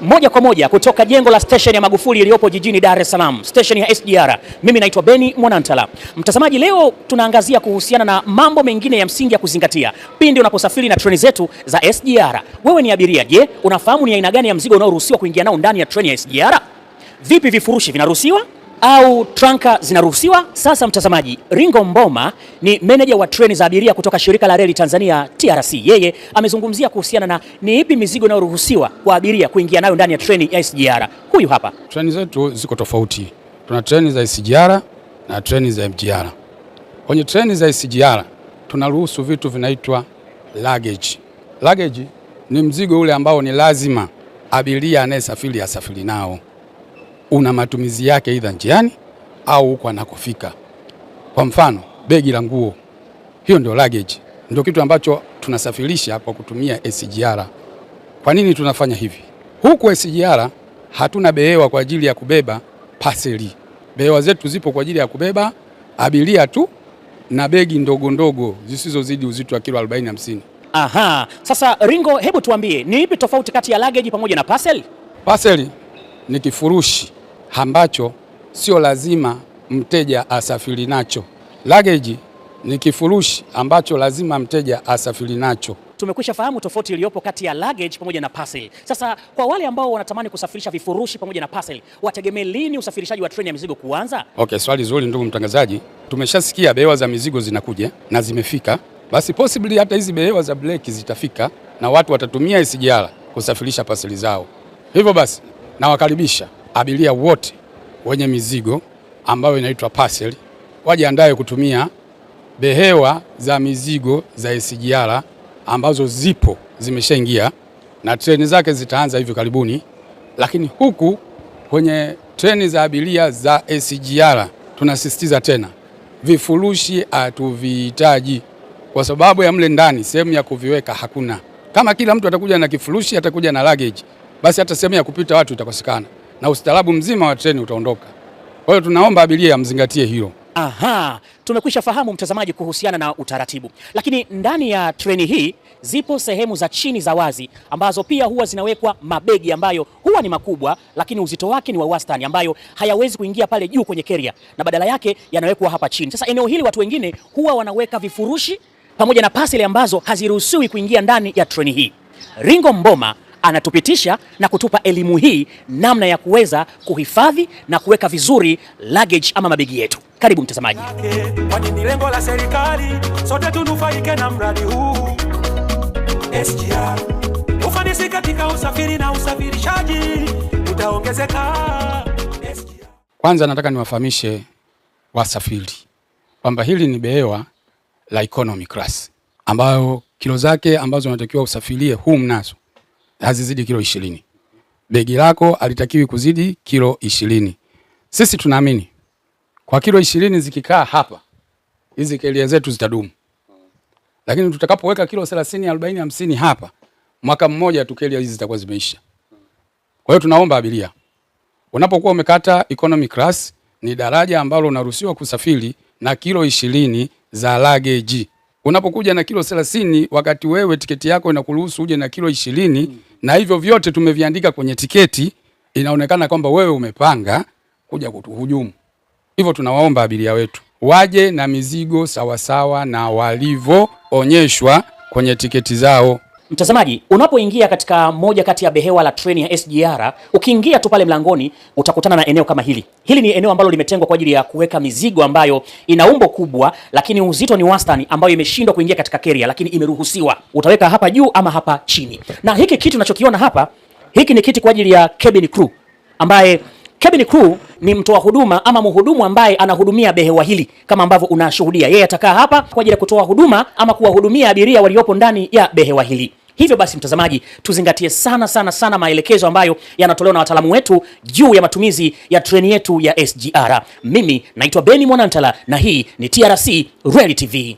moja kwa moja kutoka jengo la stesheni ya Magufuli iliyopo jijini Dar es Salaam, stesheni ya SGR. Mimi naitwa Beni Mwanantala. Mtazamaji, leo tunaangazia kuhusiana na mambo mengine ya msingi ya kuzingatia pindi unaposafiri na treni zetu za SGR. Wewe ni abiria, je, unafahamu ni aina gani ya mzigo unaoruhusiwa kuingia nao ndani ya treni ya SGR? Vipi vifurushi vinaruhusiwa? au tranka zinaruhusiwa? Sasa mtazamaji, Ringo Mboma ni meneja wa treni za abiria kutoka shirika la reli Tanzania TRC. Yeye amezungumzia kuhusiana na ni ipi mizigo inayoruhusiwa kwa abiria kuingia nayo ndani ya treni ya SGR. Huyu hapa. Treni zetu ziko tofauti, tuna treni za SGR na treni za MGR. Kwenye treni za SGR tunaruhusu vitu vinaitwa luggage. Luggage ni mzigo ule ambao ni lazima abiria anayesafiri asafiri nao una matumizi yake aidha njiani au huko anakofika. Kwa mfano begi la nguo, hiyo ndio luggage, ndio kitu ambacho tunasafirisha kwa kutumia SGR. Kwa nini tunafanya hivi? Huku SGR hatuna behewa kwa ajili ya kubeba paseli. Behewa zetu zipo kwa ajili ya kubeba abiria tu na begi ndogo ndogo zisizozidi uzito wa kilo 40 50. Aha, sasa Ringo, hebu tuambie ni ipi tofauti kati ya luggage pamoja na parcel? Parcel ni kifurushi ambacho sio lazima mteja asafiri nacho. Luggage ni kifurushi ambacho lazima mteja asafiri nacho. Tumekwisha fahamu tofauti iliyopo kati ya luggage pamoja na parcel. Sasa kwa wale ambao wanatamani kusafirisha vifurushi pamoja na parcel, wategemee lini usafirishaji wa treni ya mizigo kuanza? Okay, swali zuri ndugu mtangazaji. Tumeshasikia behewa za mizigo zinakuja na zimefika, basi possibly hata hizi behewa za breki zitafika na watu watatumia SGR kusafirisha paseli zao. Hivyo basi nawakaribisha abiria wote wenye mizigo ambayo inaitwa parcel wajiandae kutumia behewa za mizigo za SGR ambazo zipo zimeshaingia na treni zake zitaanza hivi karibuni, lakini huku kwenye treni za abiria za SGR tunasisitiza tena, vifurushi hatuvihitaji kwa sababu ya mle ndani sehemu ya kuviweka hakuna. Kama kila mtu atakuja na kifurushi, atakuja na luggage, basi hata sehemu ya kupita watu itakosekana na ustaarabu mzima wa treni utaondoka. Kwa hiyo tunaomba abiria mzingatie hiyo. Aha, tumekwisha fahamu mtazamaji, kuhusiana na utaratibu, lakini ndani ya treni hii zipo sehemu za chini za wazi ambazo pia huwa zinawekwa mabegi ambayo huwa ni makubwa, lakini uzito wake ni wa wastani, ambayo hayawezi kuingia pale juu kwenye keria, na badala yake yanawekwa hapa chini. Sasa eneo hili watu wengine huwa wanaweka vifurushi pamoja na pasili ambazo haziruhusiwi kuingia ndani ya treni hii. Ringo Mboma anatupitisha na kutupa elimu hii namna ya kuweza kuhifadhi na kuweka vizuri luggage ama mabegi yetu. Karibu mtazamaji. ni lengo la serikali sote tunufaike na mradi huu SGR. Ufanisi katika usafiri na usafirishaji utaongezeka. Kwanza nataka niwafahamishe wasafiri kwamba hili ni behewa la economy class ambayo kilo zake ambazo unatakiwa usafirie huu mnazo hazizidi kilo ishirini. Begi lako halitakiwi kuzidi kilo ishirini. Sisi tunaamini kwa kilo ishirini zikikaa hapa, hizi kelia zetu zitadumu, lakini tutakapoweka kilo thelathini, arobaini, hamsini hapa, mwaka mmoja tu kelia hizi zitakuwa zimeisha. Kwa hiyo tunaomba abiria, unapokuwa umekata economy class, ni daraja ambalo unaruhusiwa kusafiri na kilo ishirini za lageji. Unapokuja na kilo thelathini, wakati wewe tiketi yako inakuruhusu uje na kilo ishirini na hivyo vyote tumeviandika kwenye tiketi, inaonekana kwamba wewe umepanga kuja kutuhujumu. Hivyo tunawaomba abiria wetu waje na mizigo sawasawa na walivyoonyeshwa kwenye tiketi zao. Mtazamaji, unapoingia katika moja kati ya behewa la treni ya SGR, ukiingia tu pale mlangoni utakutana na eneo kama hili. Hili ni eneo ambalo limetengwa kwa ajili ya kuweka mizigo ambayo ina umbo kubwa, lakini uzito ni wastani, ambayo imeshindwa kuingia katika keria, lakini imeruhusiwa. Utaweka hapa juu ama hapa chini, na hiki kitu unachokiona hapa, hiki ni kiti kwa ajili ya cabin crew, ambaye cabin crew ni mtoa huduma ama mhudumu ambaye anahudumia behewa hili kama ambavyo unashuhudia. Yeye atakaa hapa kwa ajili ya kutoa huduma ama kuwahudumia abiria waliopo ndani ya behewa hili. Hivyo basi, mtazamaji, tuzingatie sana sana sana maelekezo ambayo yanatolewa na wataalamu wetu juu ya matumizi ya treni yetu ya SGR. Mimi naitwa Beni Mwanantala na hii ni TRC Reality TV.